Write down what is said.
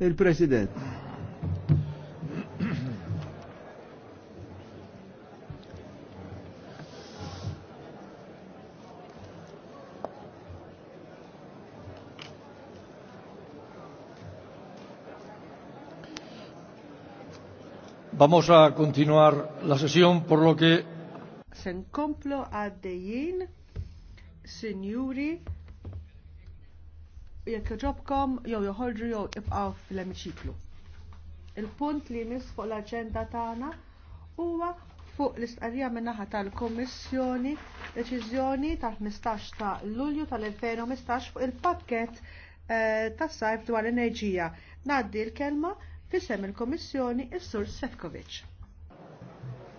Il-President. Vamos a continuar la sesión, por lo que... Se a għaddejjien Sinjuri, jekk ġobkom jew joħorġu jew ibqgħu fl-emiċiklu. Il-punt li jmiss fuq l-aġenda tagħna huwa fuq l-istqarrija min-naħa tal-Kommissjoni deċiżjoni tal-15 ta' Lulju tal-2015 fuq il-pakket eh, tas-sajf dwar l-enerġija. Ngħaddi l-kelma fisem il-Kommissjoni is-Sur Sefkovic.